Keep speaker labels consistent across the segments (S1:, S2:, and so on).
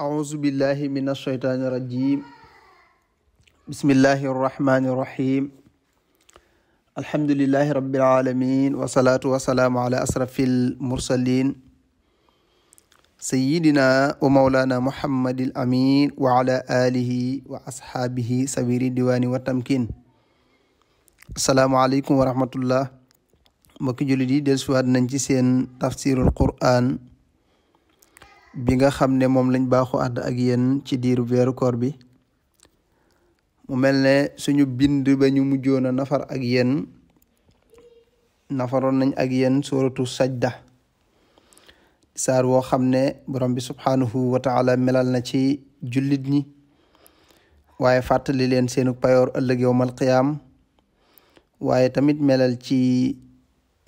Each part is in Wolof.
S1: أعوذ بالله من الشيطان الرجيم بسم الله الرحمن الرحيم الحمد لله رب العالمين والصلاة والسلام على أشرف المرسلين سيدنا ومولانا محمد الأمين وعلى آله وأصحابه سبيل الديوان والتمكين السلام عليكم ورحمة الله mbokki jullit yi dellusiwaat nañ ci seen tafsirul Qur'an bi nga xam ne moom lañ baaxu àdd ak yéen ci diiru weeru koor bi mu mel ne suñu bind ba ñu mujjoon a nafar ak yéen nafaroon nañ ak yéen suratu sajda saar woo xam ne borom bi subhaanahu wa melal na ci jullit ñi waaye fàttali leen seenu payoor ëllëg yowmal qiyaam waaye tamit melal ci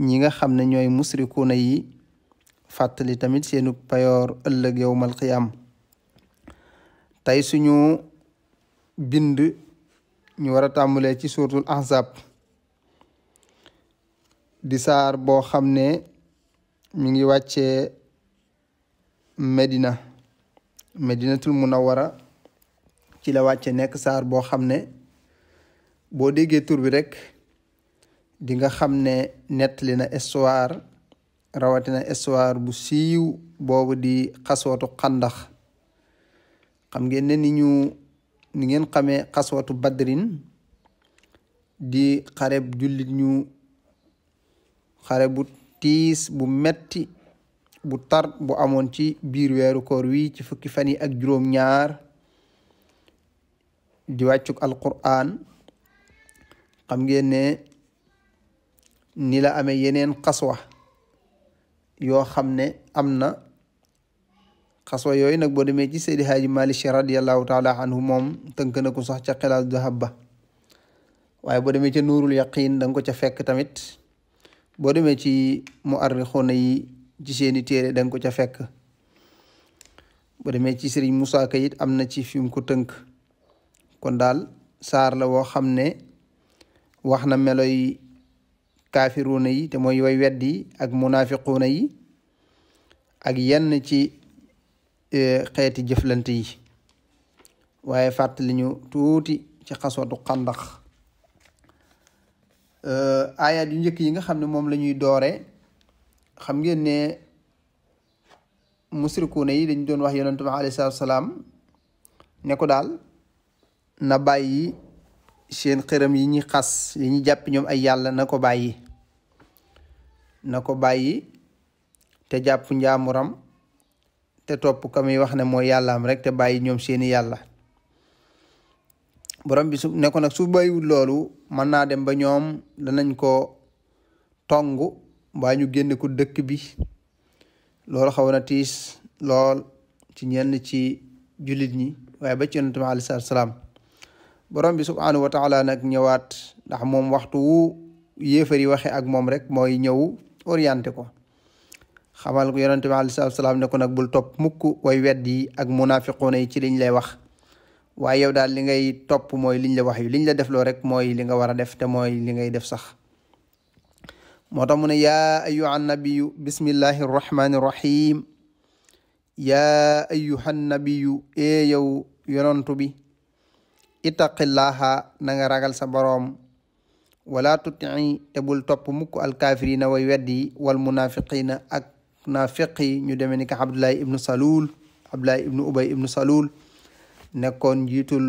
S1: ñi nga xam ne ñooy musrikuuna yi fàttali tamit seenu payoor ëllëg yowmal qiyaam tey suñu bind ñu war a tàmbalee ci suuratul ahzab di saar boo xam ne mi ngi wàccee Medina Medinatul Munawwara ci la wàcce nekk saar boo xam ne boo déggee tur bi rekk di nga xam ne nettali na histoire rawatina histoire bu siiw boobu di xaswatu xandax xam ngeen ne ni ñu ni ngeen xamee xaswatu badrin di xareb jullit ñu xare bu tiis bu metti bu tar bu amoon ci biir weeru koor wi ci fukki fan yi ak juróom ñaar di wàccug alquran xam ngeen ne ni la amee yeneen xaswa yoo xam ne am na xaswa yooyu nag boo demee ci Seydi Haaji Maalik Si radiallahu taala anhu moom tënk na ko sax ca xilaas dahab ba waaye boo demee ca nuurul yaqiin da ko ca fekk tamit boo demee ci muarrixuuna yi ci seeni téere da nga ko ca fekk boo demee ci Sëriñ Musaa Ka am na ci fi ko tënk kon daal saar la woo xam ne wax na melo kaafiruuna yi te mooy way weddi ak munaafiquuna yi ak yenn ci eh, xeeti jëflante yi waaye fàttali ñu tuuti ci xaswatu xàndax eh, aayaat yu njëkk yi nga xam ne moom la ñuy doore xam ngeen ne musrikuuna yi dañ doon wax yonentu bi alayhi salaam ne ko daal na bàyyi seen xëram yi ñuy xas yi ñuy jàpp ñoom ay yàlla na ko bàyyi na ko bàyyi te jàpp njaamuram te topp ka wax ne mooy yàllaam rekk te bàyyi ñoom seeni yàlla borom bi su ne ko nag su bàyyiwul loolu mën naa dem ba ñoom danañ ko tong mbaa ñu génn ko dëkk bi loolu xaw na tiis lool ci ñenn ci jullit ñi waaye ba ci yonent bi aleyhi salaam borom bi subhaanahu wa taala nag ñëwaat ndax moom waxtu wu yéefar yi waxe ak moom rek mooy ñëw orienté ko xamal ko yonente bi aleyhi ne ko nag bul topp mukk way wedd yi ak munafiquuna yi ci liñ lay wax waaye yow daal li ngay topp mooy liñ la wax liñ la defloo rek mooy li nga war a def mooy li ngay def sax moo tax mu ne yaa ayuha nabiyu bismillahi arrahmani irrahim yaa ayuha nabiyu ee yow yonontu bi ittaqillaaha na nga ragal sa boroom wala tutii te bul topp mukk alkaafirina way weddi wal munafiqina ak naafiqi ñu demee ni ka abdullahi ibnu salul abdullahi ibnu ubay salul nekkoon njiitul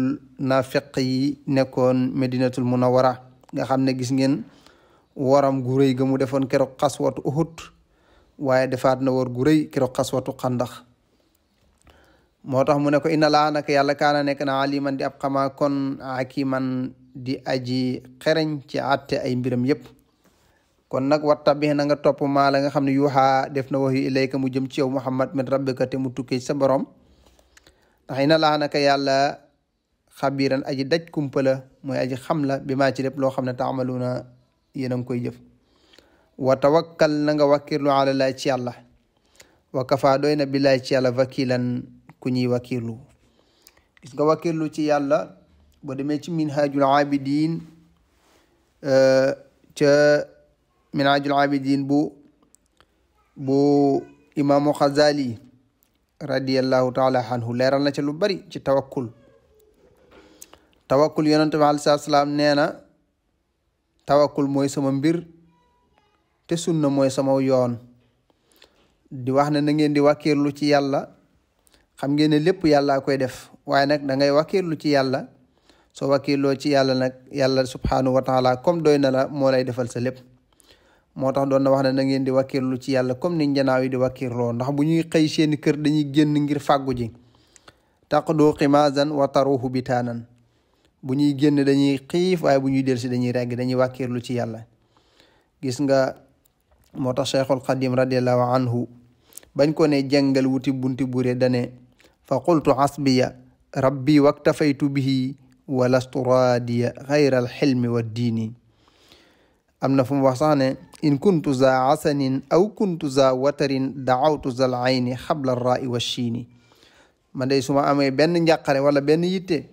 S1: naafiq yi nekkoon medinatul munawara nga xam ne gis ngeen waram gu rëy mu defoon keroog xaswatu uhud waaye defaat na war gu rëy keroog xaswatu xandax moo tax mu ne ko inna laa nag yàlla kaana nekk na aliman di ab xamaa kon hakiman di aji xereñ ci àtte ay mbiram yépp kon nag watta bi na nga topp maa la nga xam ne yuuxaa def na wax yu mu jëm ci yow muhammad min rabbika mu tukkee ci sa borom ndax ina laa naka yàlla xabiran aji daj kumpa la mooy aji xam la bi maa ci lépp loo xam ne taamaluna yéen a ngi koy jëf wa na nga wakkirlu ala laa ci yàlla wa kafa doy na billaay ci yàlla wakilan ku ñuy wakiirlu gis nga wakiirlu ci yàlla boo demee ci minhajul abidin euh, ca minhajul abidin bu bu imaamu xazali radiallahu taala anhu leeral na ci lu bari ci tawakkul tawakkul yonente bi alei nee na tawakkul mooy sama mbir te sunna mooy sama yoon di wax ne na ngeen di wàkkiirlu ci yàlla xam ngeen ne lépp yàllaa koy def waaye nag dangay ngay ci yàlla soo wakkiirloo ci yàlla nag yàlla subhaanahu wa taala comme doy moo lay defal sa lépp moo tax doon na wax ne na ngeen di wakkiirlu ci yàlla comme ni njanaaw yi di wakkiirloo ndax bu ñuy xëy seeni kër dañuy génn ngir fàggu ji taqdu ximaazan wa taruhu bitaanan ñuy génn dañuy xiif waaye bu ñuy delsi dañuy regg dañuy wakkiirlu ci yàlla gis nga moo tax cheikhul xadim radiallahu anhu bañ ko ne wuti bunti bure dane fa qultu xasbiya rabbi waktafaytu bihi walastu raadiya xayra alxilmi wa diini am na fu mu wax sax ne in kuntu za asanin aw kuntu za watarin daawtu zal ayni xabla raai wa chiini man day su ma amee benn njàqare wala benn yitte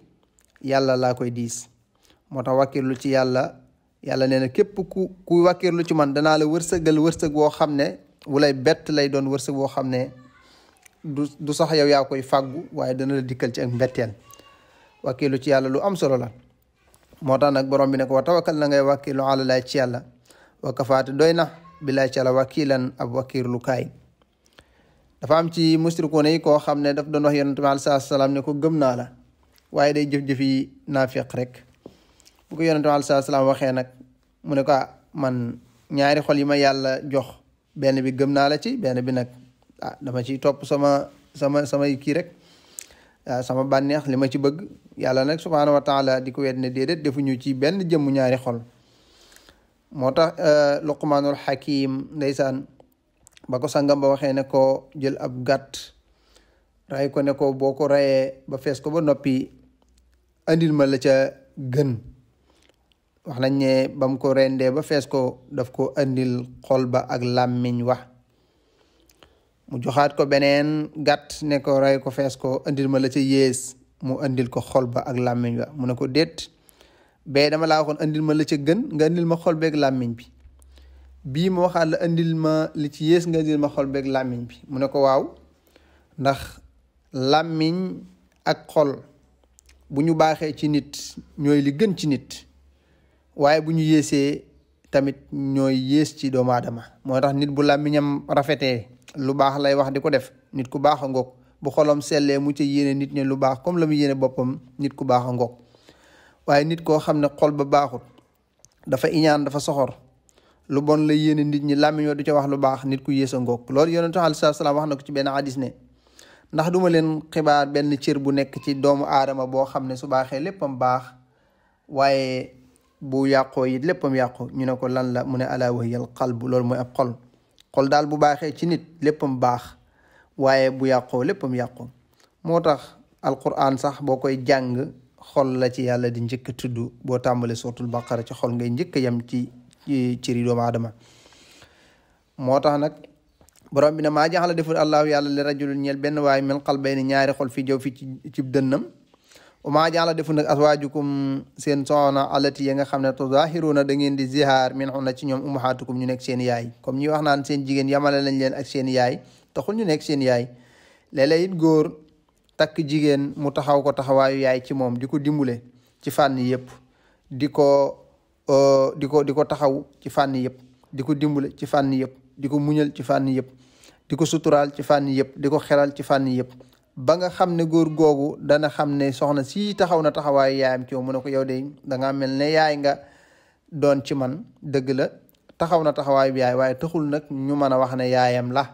S1: yàlla laa koy diis moo tax wàkkirlu ci yàlla yàlla nee na képp ku ku wàkkirlu ci man danaa la wërsëgal wërsëg woo xam ne wulay bett lay doon wërsëg woo xam ne du du sax yow yaa koy fàggu waaye dana la dikkal ci ak mbetteel wàkkiilu ci yàlla lu am solo la moo tax nag borom bi ne ko wa na ngay wàkkiilu ala ci yàlla wakafaate doy na bi laay ci yàlla wàkkiilan ab wàkkiirlu kaay dafa am ci musrikoon yi koo xam ne daf doon wax yonent bi aleyhi salaam ne ko gëm naa la waaye day jëf-jëf yi naafiq rek bu ko salaam waxee nag mu ne ko ah, man ñaari xol yi ma yàlla jox benn bi gëm naa la ci benn bi nag ah dama ciy topp sama sama samay kii rek ah, sama bànneex li ma ci bëgg yàlla nag subhaanahu wa taala di ko wet ne déedéet defuñu ci benn jëmm ñaari xol moo tax eh, luqmaanul xakim ndeysaan ba ko sangam ba waxee ne ko jël ab gàtt ray ko ne ko boo ko reyee ba fees ko ba noppi andil ma la ca gën wax nañ ne bam ko rendee ba fees ko daf ko andil xol ba ak làmmiñ wa mu joxaat ko beneen gàtt ne ko rey ko fees ko indil ma la ca yées mu indil ko xol ba ak làmmiñ ba mu ne ko déet bee dama la waxoon indil ma la ca gën nga indil ma xol beeg làmmiñ bi bii ma waxaat indil ma li ci yées nga indil ma xol beeg làmmiñ bi mu ne ko waaw ndax làmmiñ ak xol bu ñu baaxee ci nit ñooy li gën ci nit waaye bu ñu yéesee tamit ñooy yées ci doomu aadama moo tax nit bu làmmiñam rafetee lu baax lay wax di ko def nit ku baax a ngoog bu xolom sellee mu ca yéene nit ñi lu baax comme la mu yéene boppam nit ku baax a ngoog waaye nit koo xam ne xol ba baaxut dafa iñaan dafa soxor lu bon la yéene nit ñi làmmiñ wa du ca wax lu baax nit ku yées a ngoog loolu yonentu aleyhi salaam wax na ko ci benn hadis ne ndax duma leen xibaar benn cër bu nekk ci doomu aadama boo xam ne su baaxee léppam baax waaye bu yàqoo it léppam yàqu ñu ne ko lan la mu ne ala wahiya al loolu mooy ab xol xol daal bu baaxee ci nit léppam baax waaye bu yàqoo léppam yàqoo moo tax alquran sax boo koy jàng xol la ci yàlla di njëkk tudd boo tàmbalee sootul baqara ci xol ngay njëkk yam ci ciri doomu aadama moo tax nag borom bi na maa a deful allahu yàlla li rajulul ñeel benn waaye min qalbayni ñaari xol fii jow fi ci cib dënnam umaa jaala defu nag aswaajukum seen soxna alati ya nga xam ne tuzahiruna da ngeen di zihaar min xun na ci ñoom umahaatukum ñu nekk seen yaay comme ñuy wax naan seen jigéen yamale lañ leen ak seen yaay taxul ñu nekk seen yaay léeg-léeg it góor takk jigéen mu taxaw ko taxawaayu yaay ci moom di ko dimbule ci fànn yëpp di ko euh, di ko di ko taxaw ci fànn yëpp di ko dimbule ci fànn yëpp di ko muñal ci fànn yëpp di ko suturaal ci fànn yëpp di ko xeral ci fànn yëpp ba nga xam ne góor googu dana xam ne soxna si taxaw na taxawaayu yaayam ci yow mu ko yow de dangaa mel ne yaay nga doon ci man dëgg la taxaw na taxawaayu yaay waaye taxul nag ñu mën a wax ne yaayam la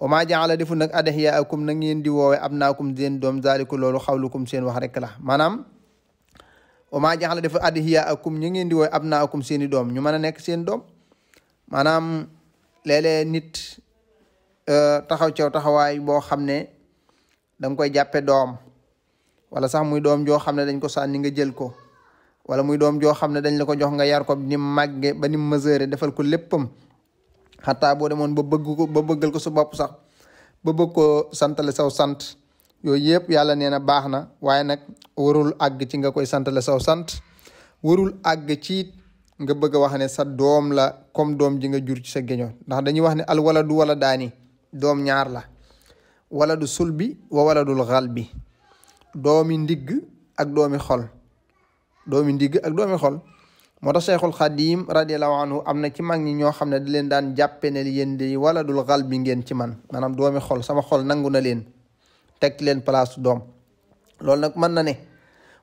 S1: wama jaala defu nag adexyaakum na ngeen di woowe ab naakum seen doom zaaliku loolu xawlukum seen wax rek la maanaam wama jaala defu adexyaakum ñu ngeen di woowe ab naakum seen doom ñu mën a nekk seen doom maanaam léeg nit Euh, taxaw cew taxawaay boo xam ne danga koy jàppe doom wala sax muy doom joo xam ne dañ ko sànni nga jël ko wala muy doom joo xam ne dañ la ko jox nga yar ko ni màgge ba ni mesure defal ko léppam xataa boo demoon ba bëgg ko ba bëggal ko sa bopp sax ba bëgg koo santale saw sant yooyu yëpp yàlla nee na baax na waaye nag warul àgg ci nga koy santale saw sant warul àgg ci nga bëgg a wax ne sa doom la comme doom ji nga jur ci sa géño ndax dañuy wax ne al wala du wala daani doom ñaar la waladu sulbi wa waladul xalbi doomi ndigg ak doomi xol doomi ndigg ak doomi xol moo tax Cheikhul Xadim radiallahu anhu am na ci mag ñi ñoo xam ne da leen daan jàppe ne yéen wala waladul xalbi ngeen ci man maanaam doomi xol sama xol nangu na leen teg leen place doom loolu nag mën na ne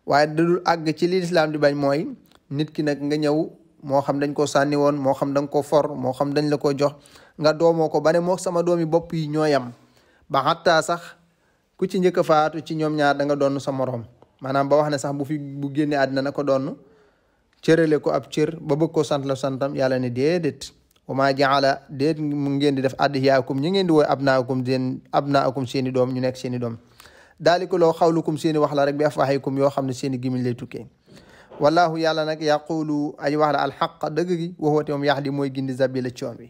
S1: waaye dadul àgg ci li lislaam di bañ mooy nit ki nag nga ñëw moo xam dañ ko sànni woon moo xam da nga ko for moo xam dañ la ko jox nga doomoo ko ba moo sama doomi bopp yi ñoo yam ba xattaa sax ku ci njëkk a faatu ci ñoom ñaar da nga doon sa moroom maanaam ba wax ne sax bu fi bu génnee àddina na ko doon cërale ko ab cër ba bëgg ko sant la santam yàlla ne déedéet wa maa jaala déet mu ngeen di def adhiyaakum ñi ngeen di wooy abnaakum seen abnaakum doom ñu nekk seeni i doom daali ko loo xawlukum seen rek bi afwahikum yoo xam ne seen i gémmiñ lay wallahu yàlla nag yaqulu aji wax la alxaq dëgg gi waxoote moom yax di mooy gindi zabila coon bi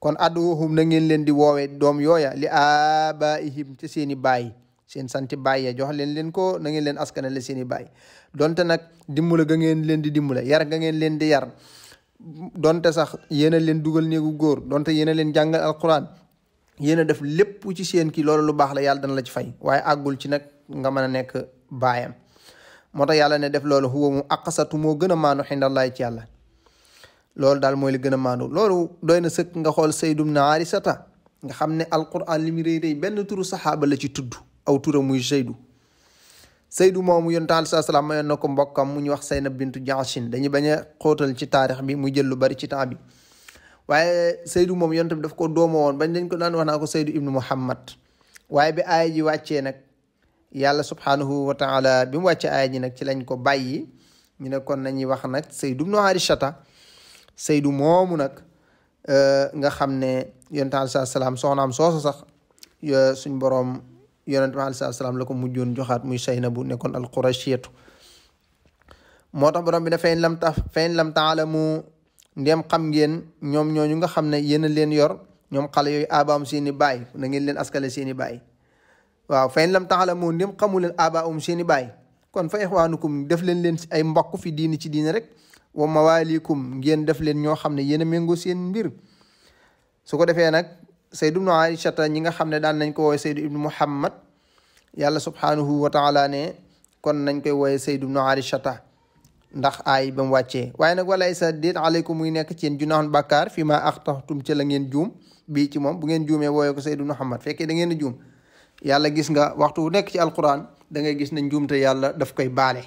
S1: kon adduhum na ngeen leen di woowee doom yooya li i ci seen i baay seen santi baay ya jox leen leen ko na ngeen leen askanale seen i baay donte nag dimbala ga ngeen leen di dimbala yar ga ngeen leen di yar donte sax yéen leen dugal néegu góor donte yéen leen jàngal alquran yéen a def lépp ci seen ki loolu lu baax la yàlla dana la ci fay waaye aggul ci nag nga mën a nekk baayam moo tax yàlla ne def lool huwa mu aqsatu moo gën a maandu xindallaay ci yàlla loolu daal mooy li gën a maandu loolu dooy na sëkk nga xool Zayd naari sata nga xam ne alquran li mu benn turu saxaaba la ci tudd aw turam muy Zaydu Zaydu moomu yonent alayhi salaam mayoon na ko mbokka mu ñu wax Saynab bintu Jaxsin dañu bañ a xóotal ci taarix mi mu jël lu bari ci temps bi waaye Zaydu moom yonent bi def ko doomo woon bañ dañ ko daan wax naa ko Zaydu ibnu Muhammad waaye bi aaya ji wàccee nag yàlla subhaanahu wa taala bi mu wàcc aaya ji nag ci lañ ko bàyyi ñu ne kon nañuy wax nag saydu ibnu Harishata saydu moomu nag euh, nga xam ne yonent bi alayhi salaam soxnaam soosu sax suñ boroom yonent bi salaam la ko mujjoon joxaat muy Saynabu nekkoon al-Qurashiyatu moo tax borom bi ne fayn lam ta fayn lam taalamu ndem xam ngeen ñoom ñooñu nga xam ne yéen a leen yor ñoom xale yooyu aabaam seeni baay na ngeen leen askale seeni baay waaw fa in lam taxalamoo ndem xamu leen abaahum seen i baay kon fa ixwaanukum def leen leen ay mbokk fi diini ci diine rek wa mawaalikum ngeen def leen ñoo xam ne yéen a méngoo seen mbir su ko defee nag Sayd ibnu Aïchata ñi nga xam ne daan nañ ko woowe Sayd ibnu Muhammad yàlla subhaanahu wa taala ne kon nañ koy woowe Sayd ibnu Aïchata ndax aay ba mu wàccee waaye nag walaay sa déet aleykum muy nekk ci yéen junaaxun bàkkaar fi ma axtaxtum ci la ngeen juum bii ci moom bu ngeen juumee wooyee ko Sayd ibnu Muhammad fekkee da ngeen a juum yàlla gis nga waxtu nekk ci alquran da ngay gis ne njuumte yàlla daf koy baale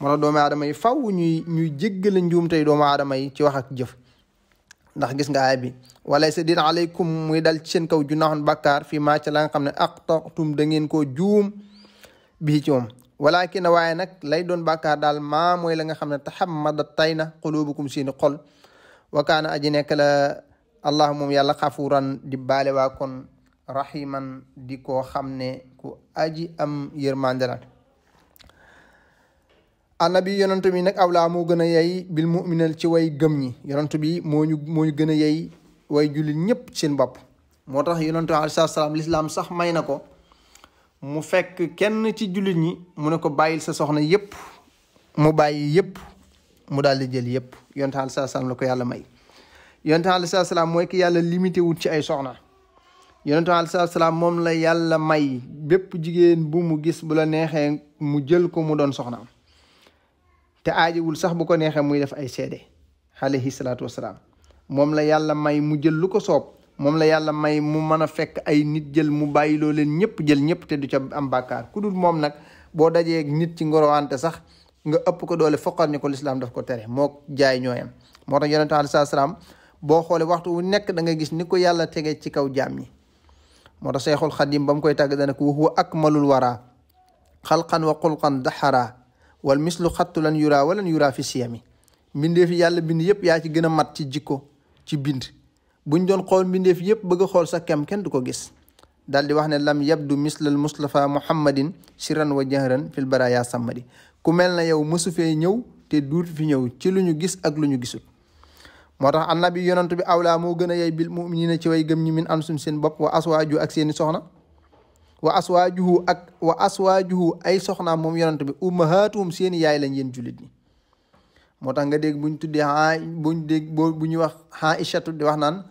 S1: moo tax doomu aadama yi faw ñuy ñuy jéggale njuumte doom adama yi ci wax ak jëf ndax gis nga aaya bi walay sa din aleykum muy dal ci seen kaw junaaxun bàkkaar fii ma ca la xam ne aqtatum da ngeen ko juum bi ci moom walakin waaye nag lay doon bàkkaar daal maa mooy la nga xam ne taxammada tay na xulubukum seeni xol wakaana aji nekk la allah moom yàlla xafuran di waa kon rahiman di koo xam ne ku aji am yërmande la annabi yonentu bi nag awla moo gën a yey bil muminal ci way gëm ñi yonentu bi moo ñu moo gën a yey way jullit ñépp seen bopp moo tax yonentu alayhi salaam lislaam sax may na ko mu fekk kenn ci jullit ñi mu ne ko bàyyil sa soxna yépp mu bàyyi yépp mu daal di jël yépp yonentu alayhi salaam la ko yàlla may yonentu alayhi mooy ki yàlla limité wut ci ay soxna yonentu alayhi salaam moom la yàlla may bépp jigéen bu mu gis bu la neexee mu jël ko mu doon soxnaam te aajowul sax bu ko neexee muy def ay seede alayhi salaatu wasalaam moom la yàlla may mu jël lu ko soob moom la yàlla may mu mën a fekk ay nit jël mu bàyyiloo leen ñëpp jël ñëpp te du ca am bàkkaar ku moom nag boo dajee nit ci ngorowante sax nga ëpp ko doole foqal ni ko lislaam daf ko tere moo jaay ñooyam moo tax yonentu alayhi boo xoolee waxtu wu nekk da nga gis ni ko yàlla tege ci kaw jaam yi moo tax seexul xadim ba mu koy tàgg dana ko wa huwa akmalul wara xalqan wa xulqan daxara wal mislu xattu lan yura walan yura fi siyami mbindeef yàlla bind yëpp yaa ci gën a mat ci jikko ci bind buñ doon xool mbindeef yëpp bëgg a xool sa kem kenn du ko gis daal di wax ne lam yabdu mislal mustafa muhammadin siran wa jahran fil baraya sammadi ku mel na yow mësu fee ñëw te duut fi ñëw ci lu ñu gis ak lu ñu gisul moo tax annabi yonantu bi awlaa moo gën a yey bil muminina ci way gëm ñi min am suñ seen bopp wa aswaaju ak seeni soxna wa aswaajuhu ak wa aswaajuhu ay soxna moom yonantu bi ummahaatuhum seeni yaay lañ yéen jullit ñi moo tax nga dégg buñ tuddee a buñ dégg bu ñuy wax Aïchatu di wax naan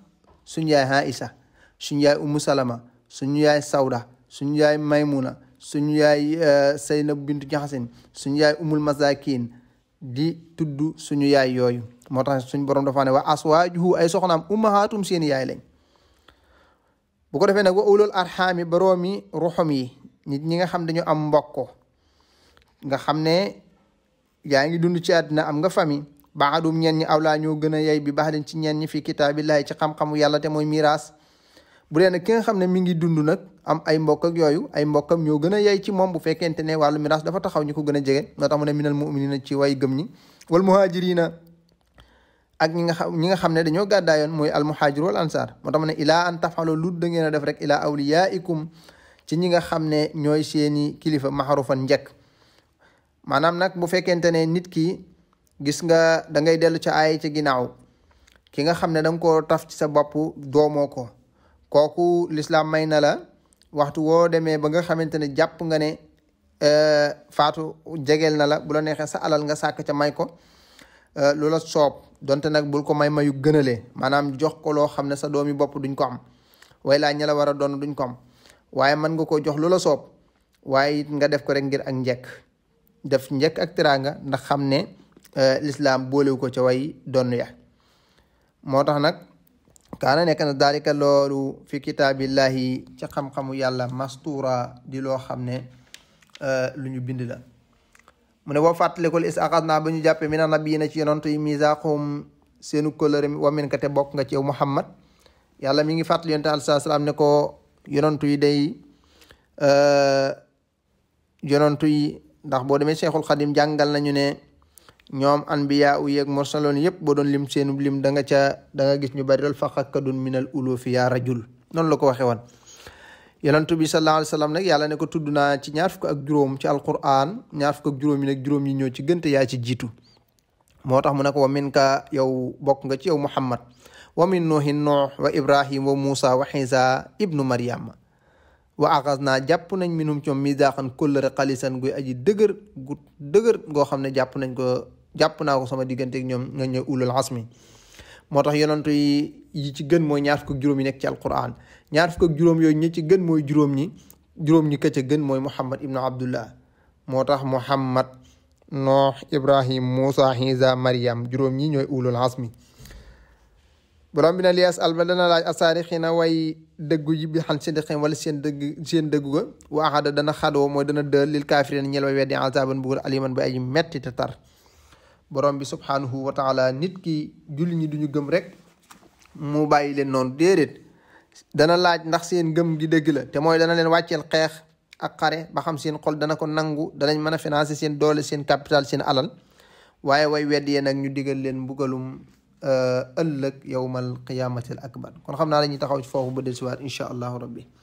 S1: suñ yaay Aïcha suñ yaay Umu Salama suñu yaay Sawda suñu yaay Maymuna suñu yaay Seynab euh, bintu Jaxasin suñ yaay Umul Masakin di tudd suñu yaay yooyu moo tax suñ borom dafa ne wa aswaajuhu ay soxnaam ummahaatum seen yaay lañ bu ko defee nag wa ulul arxaami boroomi ruxum yi nit ñi nga xam dañu am mbokko nga xam ne yaa ngi dund ci àddina am nga famille baadum ñen ñi awlaa ñoo gën a yey bi baax leen ci ñen ñi fi kitaabillahi ci xam-xamu yàlla te mooy miraas bu dee nag ki nga xam ne mi ngi dund nag am ay mbokk ak yooyu ay mbokkam ñoo gën a yey ci moom bu fekkente ne wàllu miraas dafa taxaw ñu ko gën a jege moo tax mu ne minal muminina ci way gëm ñi wal muhajirina ak ñi nga xam ñi nga xam ne dañoo gàddaayoon mooy almuhaajir wal ansaar moo tax ma ne ilaa an tafalo lu da ngeen a def rek ilaa awliyaikum ci ñi nga xam ne ñooy seeni kilifa maxarufan njëkk maanaam nag bu fekkente ne nit ki gis nga da ngay dellu ca aay ca ginnaaw ki nga xam ne danga ko koo taf ci sa bopp doomoo ko kooku lislaam may na la waxtu woo demee ba nga xamante ne jàpp nga ne euh, faatu jegeel na la bu la neexee sa alal nga sàkk ca may ko euh, lu la soob donte nag bul ko may mayu gënalee maanaam jox ko loo xam ne sa doomi bopp duñ ko am way ña la war a doon duñ ko am waaye mën nga koo jox lu la soob waaye it nga def ko rek ngir ak njekk def njekk ak teraanga ndax xam ne euh, lislaam boolewu ko ca way donn ya moo tax nag kaana nekk na daalika loolu fi kitaabillahi ci xam-xamu yàlla mastura di loo xam ne euh, lu ñu bindi la mu ne boo fàttalikul is axad naa ba ñu jàppee mina nabiyina ci yonent yi misaaqum seenu kóllëre wa min ka bokk nga ci yow Muhammad yàlla mi ngi fàttali yonent alayhi salaam ne ko yonent yi day euh, yonent yi ndax boo demee Cheikhul Xadim jàngal nañu ne ñoom anbiya u yeeg mursaloon yëpp boo doon lim seenu lim da nga ca da nga gis ñu bari lool faqakadun minal ulufi yaa rajul noonu la ko waxee woon yonent bi sallallahu alayhi wa sallam nag yàlla ne ko tudd naa ci ñaar fukk ak juróom ci alquran ñaar fukk ak juróom yi nag juróom yi ñoo ci gënte yaa ci jitu moo tax mu ne ko wa min ka yow bokk nga ci yow muhammad wa min nuuhin nuux wa ibrahim wa muusa wa xiisa ibnu maryama wa axas naa jàpp nañ minum ci moom misaaxan kóllëre xalisan guy aji dëgër gu dëgër goo xam ne jàpp nañ ko jàpp naa ko sama digganteeg ñoom nga ñëw ulul moo tax yonantu yi ci gën mooy ñaar fukk juróom yi nekk ci alquran ñaar fukk juróom yooyu ñi ci gën mooy juróom ñi juróom ñi ka ca gën mooy muhammad ibnu abdullah moo tax muhammad noox ibrahim muusa Isa mariam juróom ñi ñooy ulul asmi borom bi na lias alba dana laaj asaarixina way dëggu yi bi xan seen dëqim wala seen dëgg seen dëggu ga wa axada dana xadoo mooy dana dël lil kaafirina ñel way weddi azaban bugal aliman ba aji metti te tar borom bi subhaanahu wa taala nit ki julli ñi duñu gëm rek mu bàyyi leen noonu déedéet dana laaj ndax seen ngëm gi dëgg la te mooy dana leen wàcceel xeex ak xare ba xam seen xol dana ko nangu danañ mën a financer seen doole seen capital seen alal waaye way wedd yee nag ñu diggal leen mbugalum euh, ëllëg yowmal qiyaamatil akbar kon xam naa la ñuy taxaw ci foofu ba del siwaat incha allahu rabbi